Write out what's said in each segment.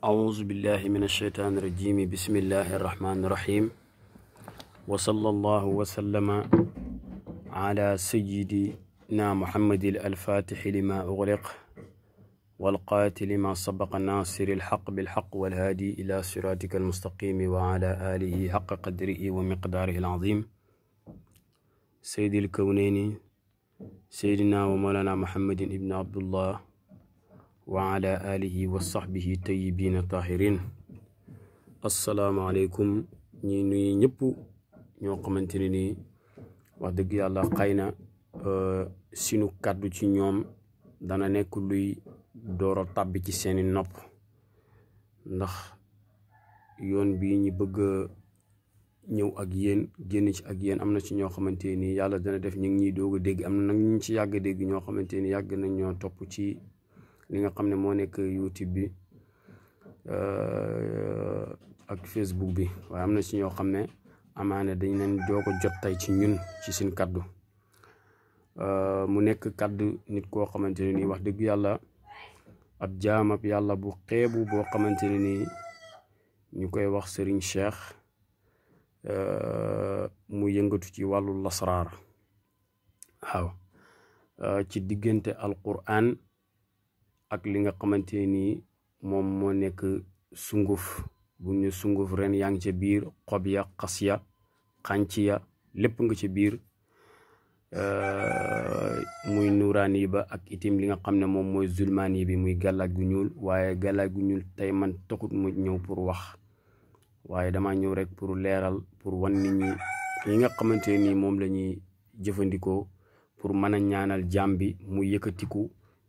أعوذ بالله من الشيطان الرجيم بسم الله الرحمن الرحيم وصلى الله وسلم على سيدنا محمد الفاتح لما أغلق والقاتل ما سبق ناصر الحق بالحق والهادي إلى صراطك المستقيم وعلى آله حق قدره ومقداره العظيم سيد الكونين سيدنا ومولانا محمد بن عبد الله wa ala alihi wa sahbihi tayyibina tahirin asalaamaaleykum ñi nuyu ñëpp ñoo xamante ne nii wax dëgg yàlla xëy na euh, sinu kàddu ci ñoom dana nekk luy door a tàbbi ci seeni nopp ndax yoon bi ñi bëgg ñëw ak yéen génn ci ak yéen am na ci ñoo xamante nii yàlla dana def ñu ngi ñuy doog a dégg am na nag ñu ci yàgg dégg ñoo xamante ni yàgg nañ ñoo topp ci li nga xam ne moo nekk YouTube bi euh, ak Facebook bi waaye am na si ñoo xam ne amaana dañ leen doo ko jot tey ci ñun ci seen kaddu euh, mu nekk kaddu nit koo xamante ne nii wax dëgg yàlla ab jaamab yàlla bu xeebu boo xamante ne nii ñu koy wax Serigne Cheikh euh, mu yëngatu ci wàllu lasraar waaw ci diggante Alquraan ak li nga xamante nii moom moo nekk sunguf bu ñu sunguf ren yaa ngi ca biir xob ya xas ya lépp nga ci biir muy nuuraan yi ba ak itim li nga xam ne moom mooy zulmaan yi bi muy gàllaaj gu ñuul waaye gàllaaj ñuul tey man taxut mu ñëw pour wax waaye dama ñëw rek pour leeral pour wan nit ñi yi nga xamante ni moom la ñuy jëfandikoo pour mën a ñaanal jaam bi mu yëkkatiku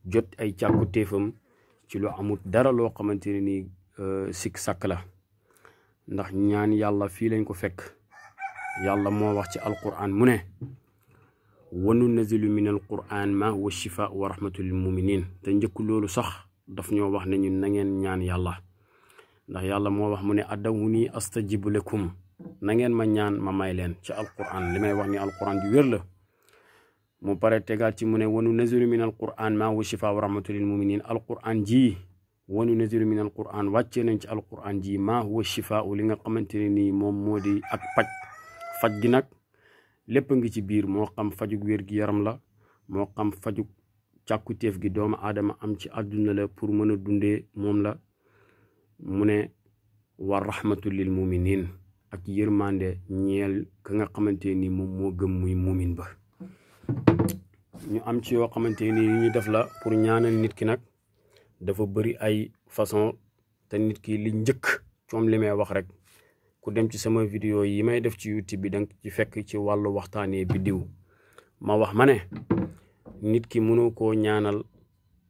jot ay càkku téefam ci lu amul dara loo xamante ne ni euh, sikk sakk la ndax ñaan yàlla fii lañ ko fekk yàlla moo wax ci alquran mu ne wanu nazilu min alquran ma huwa shifa wa rahmatul lil muminin te njëkk loolu sax daf ñoo wax ne ñun na ngeen ñaan yàlla ndax yàlla moo wax mu ne ad'uuni astajib lakum na ngeen ma ñaan ma may leen ci alquran li may wax ni alquran ju wér la mu pare tegaat ci mu ne wanu naziru min al quran maa wa shifa wa rahmatu lil muminin al quran ji wanu naziru min al quran wàccee nañ ci al quran ji maa wa shifa li nga xamante ne nii moom moo di ak faj faj gi nag lépp a ngi ci biir moo xam fajug wér gi yaram la moo xam fajug càkkutéef gi doomu aadama am ci àdduna la pour mën a dundee moom la mu ne wa rahmatu lil muminin ak yërmande ñeel ka nga xamante ni moom moo gëm muy mumin ba ñu am ci yoo xamante nii yu ñu def la pour ñaanal nit ki nag dafa bëri ay façon te nit ki li njëkk coom li may wax rek ku dem ci sama vidéo yi may def ci YouTube bi danga ci fekk ci wàllu waxtaanee biddiw ma wax ma ne nit ki mënoo koo ñaanal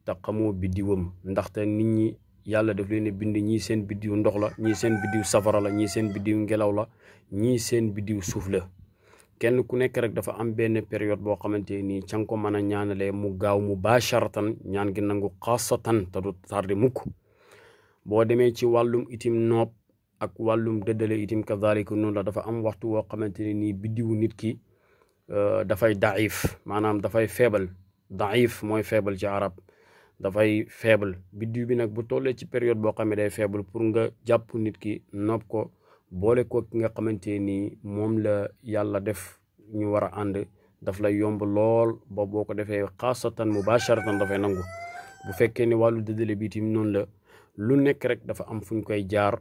te xamoo biddiwam ndaxte nit ñi yàlla daf leen bind ñii seen biddiw ndox la ñii seen biddiw safara la ñii seen biddiw ngelaw la ñii seen biddiw suuf la kenn ku nekk rek dafa am benn période boo xamante nii ca nga ko mën a ñaanalee mu gaaw mu baasharatan ñaan gi nangu xaasatan ta du tardi mukk boo demee ci wàllum itim noob ak wàllum dëddale itim kazalika noonu la dafa am waxtu woo xamante ne nii biddiwu nit ki euh, dafay daif maanaam dafay faible daif mooy faible ci arab dafay faible biddiw bi nag bu tollee ci période boo xam ne day faible pour nga jàpp nit ki noob ko boole ko ki nga xamante ni moom la yàlla def ñu war a ànd daf lay yomb lool ba boo ko defee xaasatan mubasharatan dafay nangu bu fekkee ni wàllu dëddale bi itam noonu la lu nekk rek dafa am fu ñu koy jaar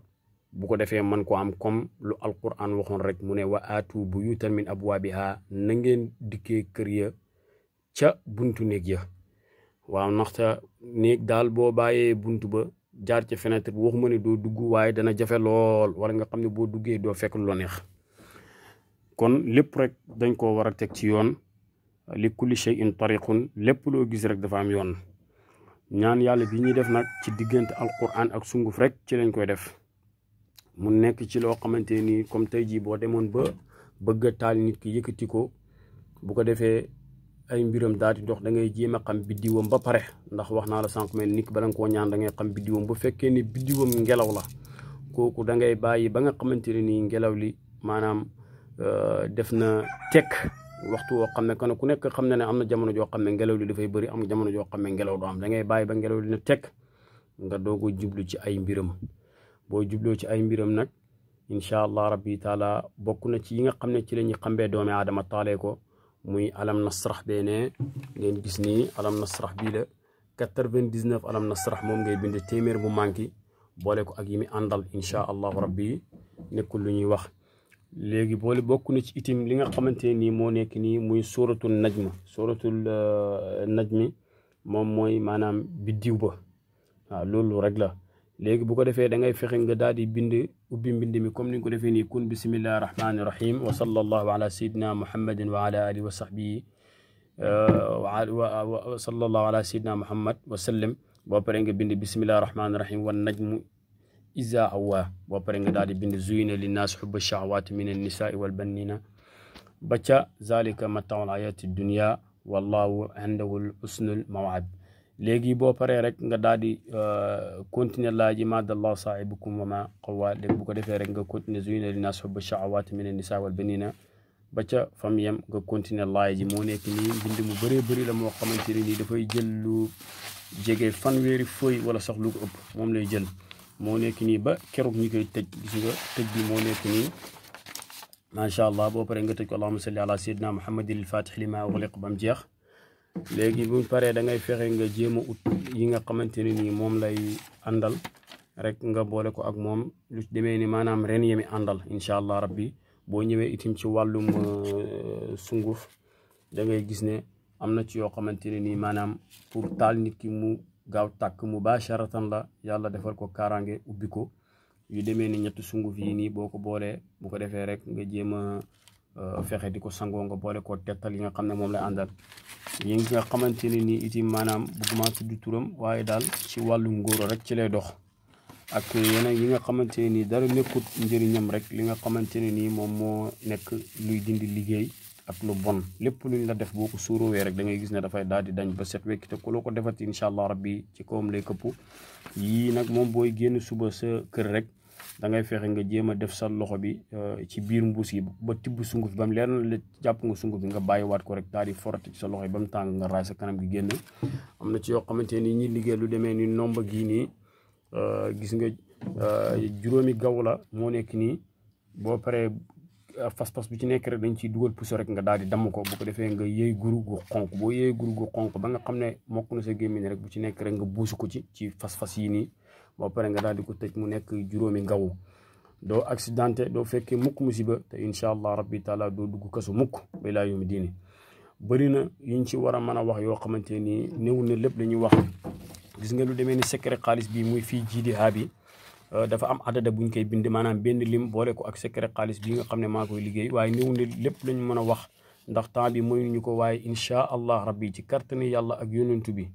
bu ko defee man ko am comme lu alquran waxoon rek mu ne wa aatu buyutan min abwaabiha na ngeen dikkee kër ya ca buntu néeg ya waaw ndaxte néeg daal boo bàyyee buntu ba jaar ci fenêtre bi waxuma ne doo dugg waaye dana jafe lool wala nga xam ne boo duggee doo fekk lu neex kon lépp rek dañ koo war a teg ci yoon li kulli shay'in tariqun lépp loo gis rek dafa am yoon ñaan yàlla bi ñuy def nag ci diggante alquran ak sunguf rek ci lañ koy def mun nekk ci loo xamante nii comme tey jii boo demoon ba bëgg taal nit ki yëkkati ko bu ko defee ay mbiram daal di dox dangay ngay jéem a xam biddiwam ba pare ndax wax naa la sànq mel nit balan nga ñaan dangay ngay xam biddiwam bu fekkee ne biddiwam ngelaw la kooku dangay ngay bàyyi ba nga xamante ne nii ngelaw li maanaam euh, def na tekk woo xam ne kon ku nekk xam na ne am na jamono joo xam ne ngelaw li dafay bëri am jamono joo xam ne ngelaw du am da ngay ba ngelaw li na tekk nga doog jublu ci ay mbiram boo jubloo ci ay mbiram nag incha allah rabbi taala bokk na ci yi nga xam ne ci la ñuy xambee doomi aadama taalee ko muy alam nasrax bee ne ngeen gis nii alam nasrax bii la quatre-vingt-dix-neuf alam nasrax moom ngay bind téeméer bu manqué boole ko ak yi mu àndal incha allahu rabbi nekkul lu ñuy wax léegi boole bokk na ci itim li nga xamante ne nii moo nekk nii muy sóoratul najm sóoratul euh, najmi moom mooy maanaam biddiw ba waaw loolu rek la léegi bu ko defee da ngay fexe nga daal di bind ubbi mbind mi comme ni nga ko defee nii kun bisimillahi rahmaani rahim wa sallallahu ala sayidina muhammadin wa ala alihi wa sahbihi wa muhammad wa sallam boo pare nga bind bisimillahi rahmaani rahim najmu iza hawa boo pare nga daal di bind zuyina linnaas xubba shahwaati min annisaai walbannina ba ca zalika mataaul hayati léegi boo paree rek nga daal di euh, continuer laa ji madallah saahibukum wa ma qawaa léegi bu ko defee rek nga continuer zuyina linnaas hubbu shahawaati mina nisaa wal baniina ba ca fam yem nga continuer laay ji moo nekk nii mbind mu bëree bëri la moo xamante ne nii dafay jël lu jege fanweeri fooy wala sax lu ëpp moom lay jël moo nekk nii ba keroog ñu koy tëj nga tëj bi moo nekk nii macha allah boo paree nga tëj ko allahumma salli ala sayyidina muhammadin al faatixi lima uxliq ba mu jeex léegi mu paree da ngay fexe nga jéem a ut yi nga xamante ne nii moom lay àndal rek nga boole ko ak moom lu demee ni maanaam ren yemi àndal incha allah rabbi boo ñëwee itim ci wàllum euh, sunguf dangay gis ne am na ci yoo xamante ne nii maanaam pour taal nit ki mu gaaw tàkk mu baasharatan la yàlla defal ko kaaraange ubbi ko yu demee ni ñetti sunguf yi nii boo ko boolee bu ko defee rek nga jéem a Euh, fexe di ko sangoo nga boole koo tegtal yi nga xam ne moom lay àndal yi nga xamante ne nii itim maanaam bëgguma tudd turam waaye daal ci wàllu ngóor rek ci lay dox ak yeneen yi nga xamante ne nii dara nekkut njëriñam rek li nga xamante ne nii moom moo nekk luy dindi liggéey ak lu bon lépp luñ la def boo ko suuroowee rek da ngay gis ne dafay daal di dañ ba set wekk te ko loo ko defati incha allah rabbi ci kawam lay këpp yii nag moom booy génn suba sa kër rek. da ngay fexe nga jéem a def sa loxo bi euh, ci biir mbuus yi ba tibb sunguf ba mu leer na jàpp nga sunguf bi nga bàyyiwaat ko rek daal di forati sa loxo yi ba mu tàng nga raay sa kanam gi génn am na ci yoo xamante ni ñi liggéey lu demee ni nomba gii nii euh, gis nga euh, juróomi gaw moo nekk nii boo paree fas-fas ci nekk rek dañ ciy dugal puso rek nga daal di damm ko bu ko defee nga yëy guru gu xonk boo yëy guru gu xonk ba nga xam ne mokk na sa gémmiñ rek bu ci nekk rek nga buusu ko ci ci fas-fas yi nii boo pare nga daal di ko tëj mu nekk juróomi ngaw doo accidenté doo fekkee mukk musiba te incha allah rabbi taala doo dugg kasu mukk ba laa yoomi diini bëri na yuñ ci war a mën a wax yoo xamante ni néew na lépp dañuy wax gis nga lu demee ni secret xaalis bi muy fii jiidihaa bi euh, dafa am adada buñ koy bind maanaam benn lim boole ko ak secret xaalis bi nga xam ne maa koy liggéey waaye néew na lépp lañu mën a wax ndax temps bi mayuñu ko waaye incha allah rabbi ci kàttanu yàlla ak yonentu bi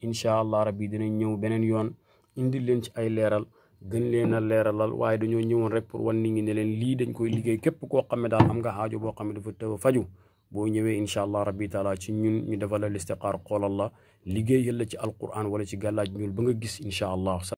incha allah rabbi dinañ ñëw beneen yoon indi leen ci ay leeral gën leen a leeralal waaye dañoo ñëwoon rek pour wan nit ñi ne leen lii dañ koy liggéey képp koo xam ne daal am nga xaajo boo xam ne dafa tëw faju boo ñëwee incha allah rabbi taala ci ñun ñu defal la listixaar xoolal la liggéeyal la ci alquran wala ci gàllaaj ñuul ba nga gis incha allah